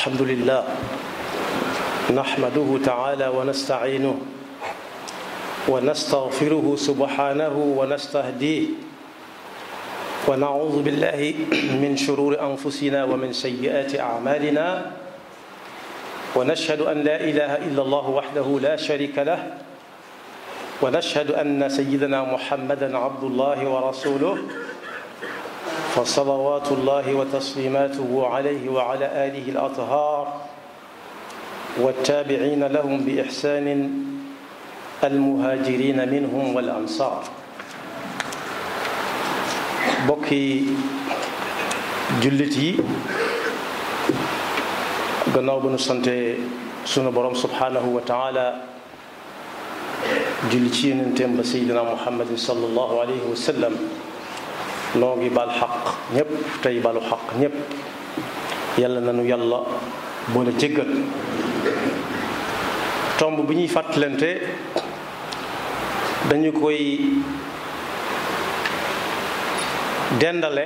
الحمد لله نحمده تعالى ونستعينه ونستغفره سبحانه ونستهديه ونعوذ بالله من شرور انفسنا ومن سيئات اعمالنا ونشهد ان لا اله الا الله وحده لا شريك له ونشهد ان سيدنا محمدا عبد الله ورسوله فصلوات الله وتسليماته عليه وعلى آله الأطهار والتابعين لهم بإحسان المهاجرين منهم والأنصار bokki jullit yi gannaaw ba nu sante sunu borom subhanahu wa taala julli ci yonenteem ba sayidina muhammadin sallallahu alayhi wa sallam noo ngi bal xaq ñépp tey balu xaq ñépp yàlla nanu yàlla boole jéggal tomb bi ñuy fàttalante dañu koy dendale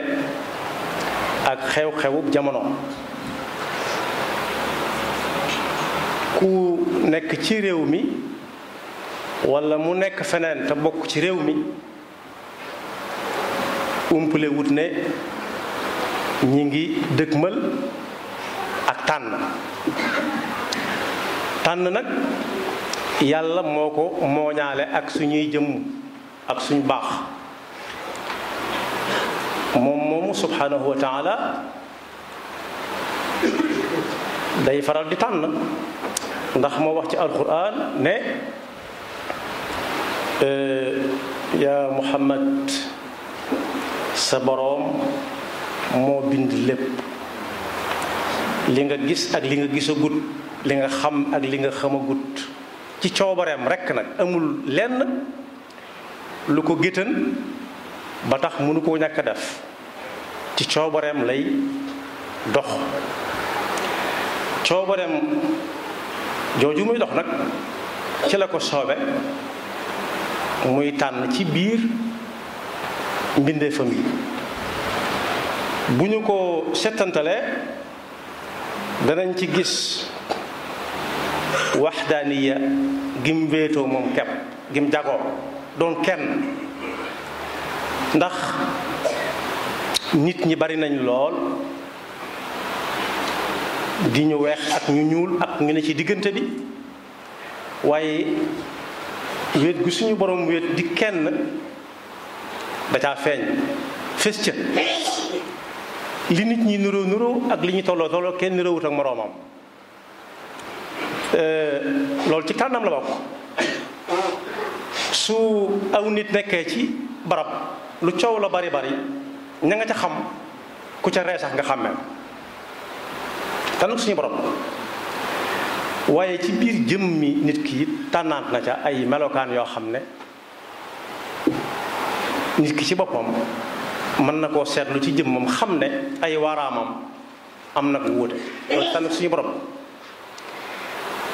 ak xew-xewub jamono ku nekk ci réew mi walla mu nekk feneen te bokk ci réew mi umpale wut ne ñi ngi dëgmal ak tànn tànn nag yàlla moo ko mooñaale ak suñuy jëmm ak suñu baax moom moomu subhanahu wa taala day faral di tànn ndax moo wax ci alquran ne euh, ya muhammad sa boroom moo bind lépp li nga gis ak li nga gut li nga xam ak li nga xamagut ci coobareem rekk nag amul lenn lu ko géttan ba tax mënu koo ñàkk a def ci coobareem lay dox coobareem jooju muy dox nag ci la ko soobe muy tànn ci biir mbindeefam yi bu ñu ko settantalee danañ ci gis waxdaaniya gim wéetoo moom kepp gim jagoo doon kenn ndax nit ñi bari nañu lool di ñu weex ak ñu ñuul ak ñu ne ci diggante bi waaye wéet gu suñu boroom wéet di kenn da caa feeñ fés ca li nit ñi nuroo nuroo ak li ñu tolloo tolloo kenn nuroowut ak moroomam euh, loolu ci kànnam la bokk su aw nit nekkee ci barab lu coow la bari bari ña ca xam ku ca reesax sax nga xàmmee tànn suñu borom waaye ci biir jëmmi nit ki tànnaat na ca ay melokaan yoo xam ne nit ki ci boppam mën na koo seetlu ci jëmmam xam ne ay waaraamam am na ko wuute suñu borom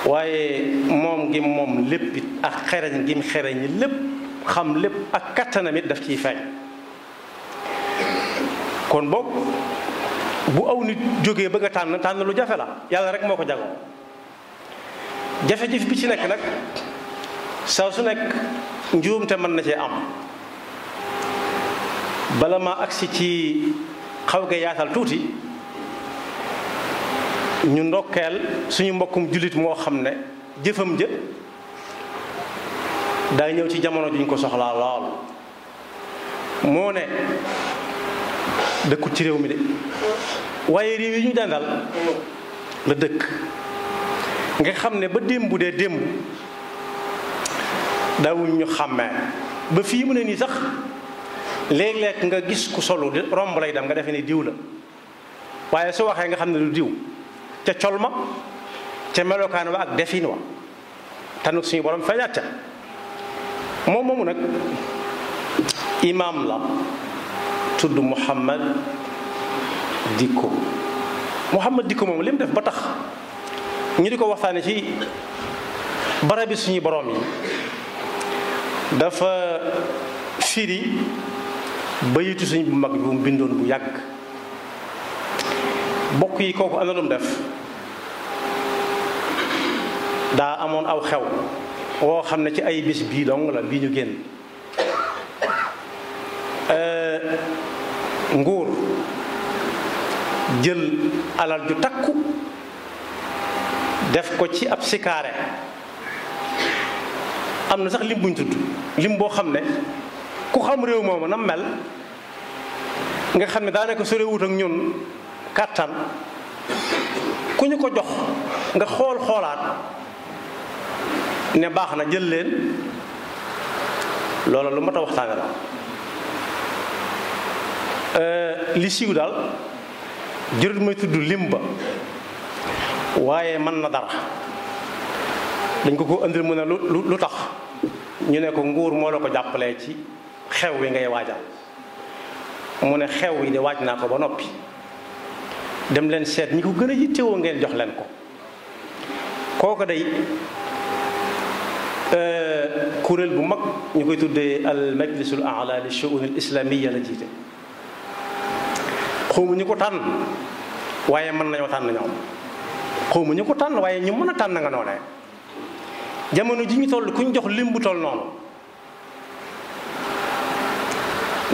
waaye moom gi moom lépp ak xereñ gi xereñ lépp xam lépp ak kattanam it daf ciy feeñ kon boog bu aw nit jógee bëgg a tànn tànn lu jafe la yàlla rek moo ko jagoo jafe-jafe bi ci nekk nag saa su nekk njuumte mën na cee am bala ma agsi ci xaw ga yaatal tuuti ñu ndokkeel suñu mbokkum jullit moo xam ne jëfam jë day ñëw ci jamono juñ ko soxlaa lool moo ne dëkkut ci réew mi de waaye réew yi ñu dendal la dëkk nga xam ne ba démb dee démb dawuñ ñu xàmmee ba fii mu ne nii sax léeg-léeg nga gis ku solu romb lay dem nga defee ni diw la waaye su waxee nga xam ne du diw ca col ma ca melokaan wa ak defin wa tanuk suñu borom feeñaat ca moom moomu nag imaam la tudd Muhammad Dikko Muhammad Dikko moom li def ba tax ñu di ko waxtaane ci barabi suñu borom yi dafa firi bayitu sëñ bu mag bi mu bu yàgg bokk yi kooku ana lu mu def daa amoon aw xew woo xam ne ci ay bis bii dong la bii ñu génn nguur jël alal ju takku def ko ci ab sikaare am na sax lim buñ tudd lim boo xam ne ku xam réew moomu na mel nga xam ne daanaka sore wut ak ñun kàttan ku ñu ko jox nga xool xoolaat ne baax na jël leen loola lu mat a waxtaane la euh, li siiw daal jërut may tudd lim ba waaye mën na dara dañ ko ko indil mu ne lu lu tax ñu ne ko nguur moo la ko jàppalee ci xew bi ngay waajal mu ne xew bi de waaj naa ko ba noppi dem leen seet ñi ko gën a yittewoo ngeen jox leen ko kooku day euh, kuréel bu mag ñu koy tuddee al majlisul ala li shuun al islamiyya la jiite xawma ñu ko tànn waaye mën nañoo tànn ñoom xawma ñu ko tànn waaye ñu mën a tànn nga noonee jamono ji ñu toll ku jox lim bu toll noonu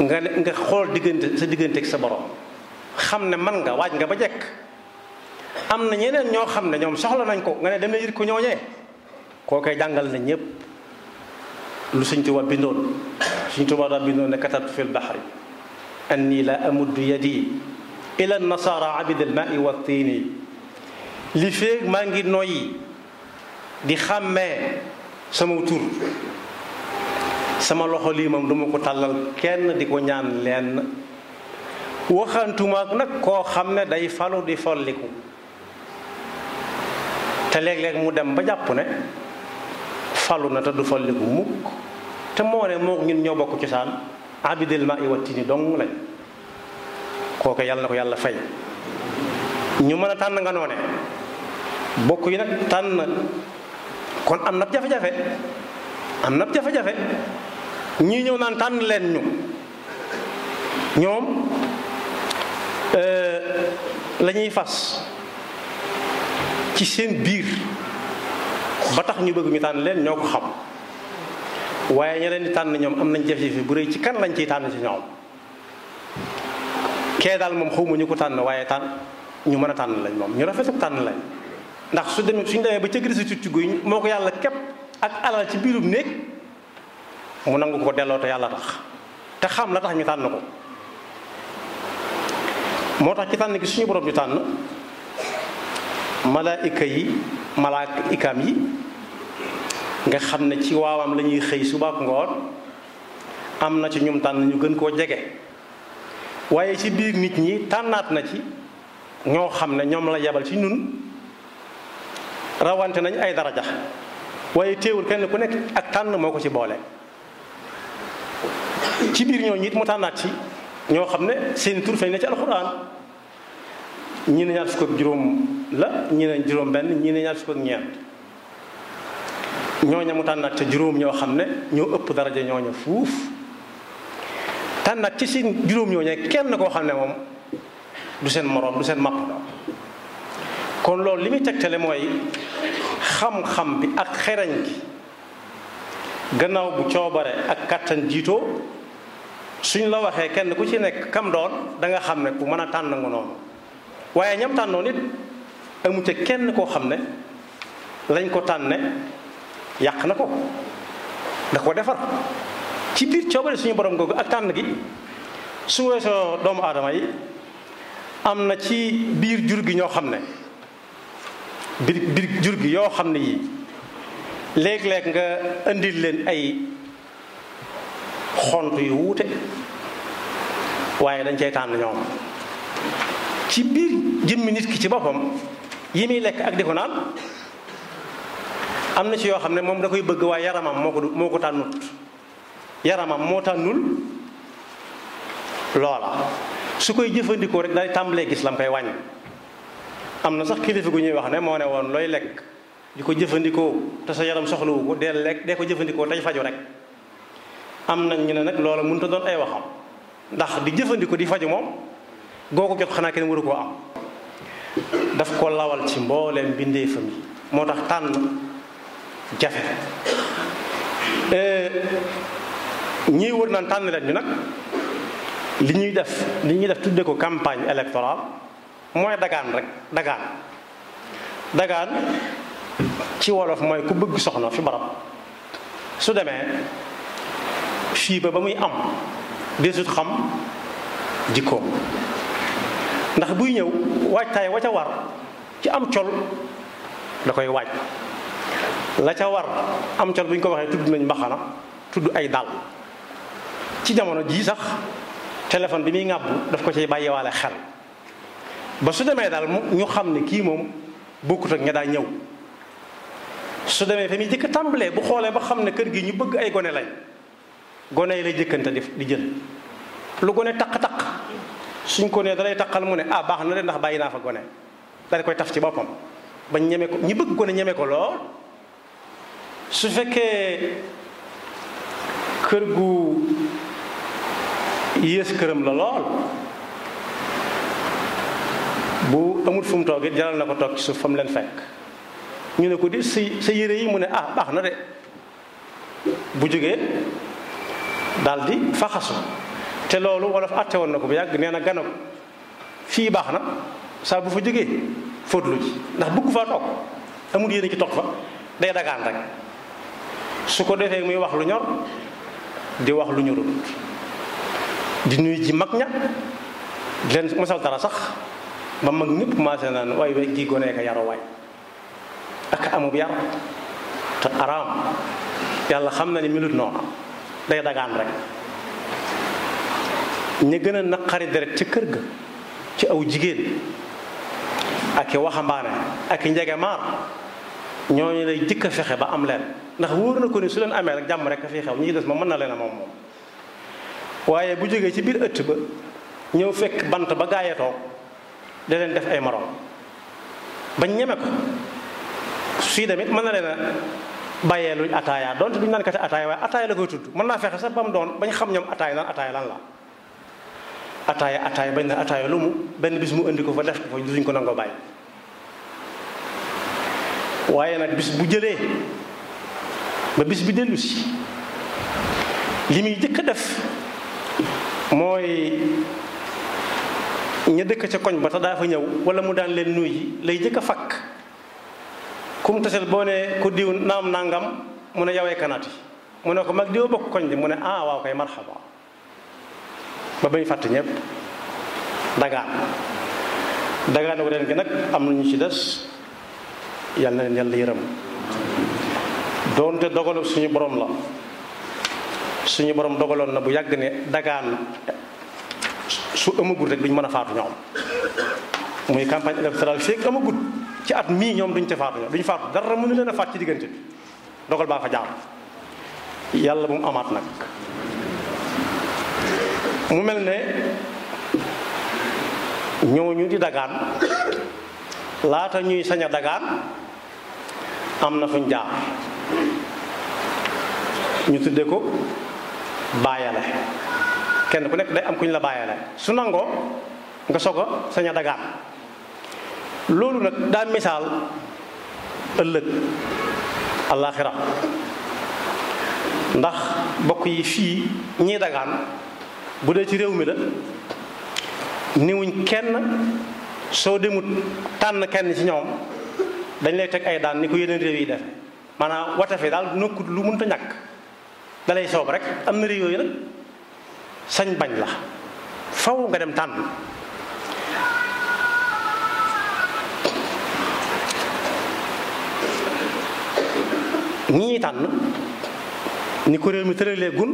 nga ne nga xool diggante sa digganteek sa borom xam ne man nga waaj nga ba jekk am na ñeneen ñoo xam ne ñoom soxla nañ ko nga ne dama yit ko ñooñee koy jàngal na ñëpp lu Sëñ Tuubaa bindoon Sëñ Tuubaa daa bindoon ne katabtu fil bahri anni la amuddu yadi ila nasara abid al maai wa tiini li féeg maa ngi noyyi di xàmmee sama tur sama loxo lii moom duma ko tàllal kenn di ko ñaan leen waxantumaak nag koo xam ne day falu di folliku te léeg-léeg mu dem ba jàpp ne falu na te du folliku mukk te moo ne moo ñun ñoo bokk cosaan abidil ma i watti ni dong lañ kooke yàlla na ko yàlla fay ñu mën a tànn nga noone bokk yi nag tànn kon am na jafe-jafe am na jafe-jafe ñii ñëw naan tànn leen ñu ñoom euh, lañuy fas ci seen biir ba tax ñu bëgg ñu tànn leen ñoo ko xam waaye ña leen di tànn ñoom am nañ jafe-jafe bu rëy ci kan lañ ciy tànn ci ñoom kee daal moom xawma ñu ko tànn waaye tànn ñu mën a tànn lañ moom ñu rafetu tànn lañ ndax su demee suñu demee ba ca grise tuuti guy moo ko yàlla képp ak alal ci biirum néeg mu nangu ko delloo te yàlla tax te xam la tax ñu tànn ko moo tax ci tànn gi suñu borom ñu tànn malaayika yi ikam yi nga xam ne ci waawam lañuy xëy suba ngoor ngoon am na ci ñum tànn ñu gën koo jege waaye ci biir nit ñi tànnaat na ci ñoo xam ne ñoom la yebal ci ñun rawante nañ ay daraja waaye téewul kenn ku nekk ak tànn moo ko ci boole ci biir ñoo it mu tànnaat ci ñoo xam ne seen tur feeñ na ci alxuraan ñi ne ñaar fukk ak juróom la ñi ne juróom benn ñi ne ñaar fukk ak ñeent ñooña mu tànnaat ca juróom ñoo xam ne ñoo ëpp daraja ñooña fuuf tànnaat ci seen juróom ñooña kenn koo xam ne moom du seen moroom du seen màpp kon loolu li muy tegtale mooy xam-xam bi ak xerañ gi gannaaw bu coobare ak kàttan jiitoo suñ la waxee kenn ku ci nekk kam doon da nga xam ne ku mën a tànn nga noonu waaye ñam tànnoon it amu ca kenn koo xam ne lañ ko tànne yàq na ko da ko defar ci biir coobare suñu borom googu ak tànn gi su weesoo doomu aadama yi am na ci biir jur gi ñoo xam ne biir biir jur gi yoo xam ne yii léeg-léeg nga indil leen ay xont yu wuute waaye dañ cay tànn ñoom ci biir jëmmi nit ki ci boppam yi muy lekk ak di ko naan am na ci yoo xam ne moom da koy bëgg waaye yaramam moo ko moo ko tànnut yaramam moo tànnul loola su koy jëfandikoo rek day tàmbalee gis lam koy am na sax kilifa gu ñuy wax ne moo ne woon looy lekk di ko jëfandikoo te sa yaram soxlawu ko dee lekk dee ko jëfandikoo tey faju rek am nañ ñu ne nag loola mënut a doon ay waxam ndax di jëfandikoo di faju moom googu jot xanaa kenn waru koo am daf ko lawal ci mbooleem mbindeefam yi moo tax tànn jafe ñiy wër naan tànn leen ñu nag li ñuy def li ñuy def tudde ko campagne électorale mooy dagaan rek dagaan dagaan ci wolof mooy ku bëgg soxna fi barab su demee fii ba ba muy am desut xam jikkoom ndax buy ñëw waajtaay wa ca war ci am col da koy waaj la ca war am col bu ñu ko waxee tudd nañ mbaxana tudd ay dal ci jamono jii sax téléphone bi muy ŋàbbu daf ko ciy bàyyiwaale xel ba su demee daal ñu xam ne kii moom bokkut ak ña daal ñëw su demee fa muy jëkk tàmbalee bu xoolee ba xam ne kër gi ñu bëgg ay gone lañ gone yi lay jëkkante def di jël lu gone taq-taq suñ ko nee dalay taqal mu ne ah baax na de ndax bàyyi naa fa gone dal koy taf ci boppam ba ñeme ko ñi bëgg gone ñeme ko lool su fekkee kër gu yées këram la bu amul fu mu toog it na ko toog ci suuf fa leen fekk ñu ne ko di sa sa yére yi mu ne ah baax na de bu jógee daal di faxasu te loolu wolof atte woon na ko bu yàgg nee na gana fii baax na saa bu fa jógee fóotlu ji ndax bëgg faa toog amul yéen ci toog fa day dagaan rek su ko defee muy wax lu ñor di wax lu ñorul di nuyu ji mag ña di leen mosal dara sax ba mag ñëpp commencé naan waay waay gi gonee ka yaro waay ak amub yar te araam yàlla xam na ni melut noonu day dagaan rek ñi gën a naqari deret ci kër ga ci aw jigéen ak i waxambaane ak i njegemaar ñooñu lay jëkk a fexe ba am leen ndax wóor na ko ni su leen amee rek jàmm rek a fi xew ñi des moom mën na leen a moom moom waaye bu jógee ci biir ëtt ba ñëw fekk bant ba gaaya toog da leen def ay morom ba ñeme ko suy demit mën na leen bàyyee luñ ataaya donte duñ naan kati ataaya waaye ataaya la koy tudd mën naa fexe sax ba mu doon bañ xam ñoom ataaya naan ataaya lan la ataaya ataaya bañ na ataaya lu mu benn bis mu indi ko fa def ko fa duñ ko nangoo bàyyi waaye nag bis bu jëlee ba bis bi dellu si li muy jëkk a def mooy ñu dëkk ca koñ ba te daa fa ñëw wala mu daan leen nuyu lay jëkk a fakk kum tasel boo ne ku diw naam nangam mu ne yawee kanaati mu ne ko mag diw bokk koñ di mu ne ah waaw koy marxaba ba bañ fàtte ñëpp dagaan wu gi nag am ñu ci des yal na leen yàlla yërëm doonte dogalu suñu borom la suñu borom dogaloon na bu yàgg ne dagaan su amagul rek duñ mën a faatu ñoom muy campagne électorale fii amagul ci at mii ñoom duñ ca faatu duñ faatu dara mënu leen a faat ci diggante bi baa fa jaar yàlla bu mu amaat nag mu mel ne ñu di dagaan laata ñuy saña dagaan am na fuñ jaar ñu tudde ko bàyyale kenn ku nekk day am kuñ la bàyyale su nangoo nga soog a sañ a dagaan loolu nag daa misaal ëllëg àllaaxira ndax bokk yi fii ñii dagaan bu dee ci réew mi la niwuñ kenn soo demut tànn kenn ci ñoom dañ lay teg ay daan ni ko yeneen réew yi def maanaam wate fi daal nokkut lu mënta ñàkk dalay soob rek am na réew yooyu nag sañ bañ la faw nga dem tànn ñi tànn ni ko réew mi tëralee gun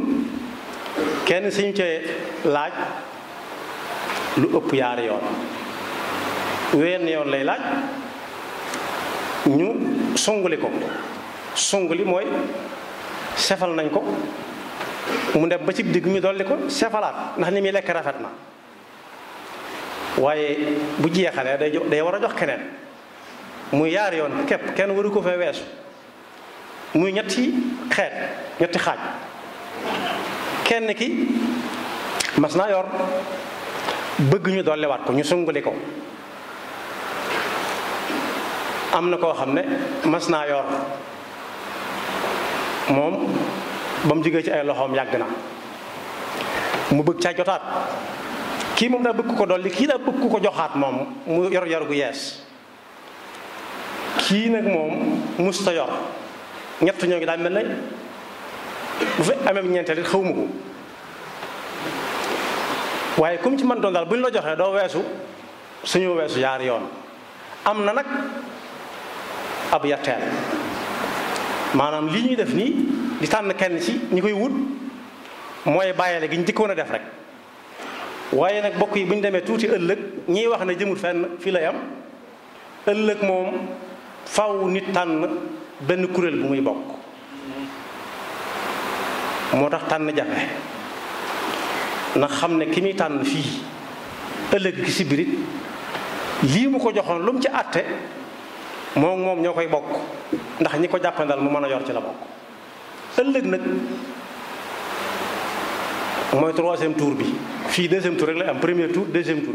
kenn suñ cee laaj lu ëpp yaari yoon wenn yoon lay laaj ñu songuli ko songuli mooy sefal nañ ko mu dem ba ci digg ñu dolli ko sefalaat ndax ni muy lekk rafet na waaye bu jeexalee day day war a jox keneen muy yaari yoon képp kenn waru ko fee weesu muy ñetti xeet ñetti xaaj kenn ki mas naa yor bëgg ñu dolliwaat ko ñu sunguli ko am na koo xam ne mas naa yor moom ba mu jógee ci ay loxoom yàgg na mu bëgg caa jotaat kii moom daa bëgg ko dolli kii daa bëgg ko joxaat moom mu yor yor gu yees kii nag moom musta yor ñett ñoo ngi daal mel nañ bu fi amee ñeenteel it xawma ko waaye comme ci man doon daal bu ñu la joxee doo weesu suñu weesu yaar yoon am na nag ab yatteel maanaam li ñuy def nii di tànn kenn ci ñi koy wut mooy bàyyele gi ñu a def rek waaye nag bokk yi bu ñu demee tuuti ëllëg ñiy wax na jëmul fenn fii lay am ëllëg moom faw nit tànn benn kuréel bu muy bokk moo tax tànn jafe na xam ne ki muy tànn fii ëllëg gi si birit lii mu ko joxoon lu ci àtte moom moom ñoo koy bokk ndax ñi ko jàppandal mu mën a yor ci la bokk ëllëg nag mooy troisième tour bi fii deuxième tour rek lay am premier tour deuxième tour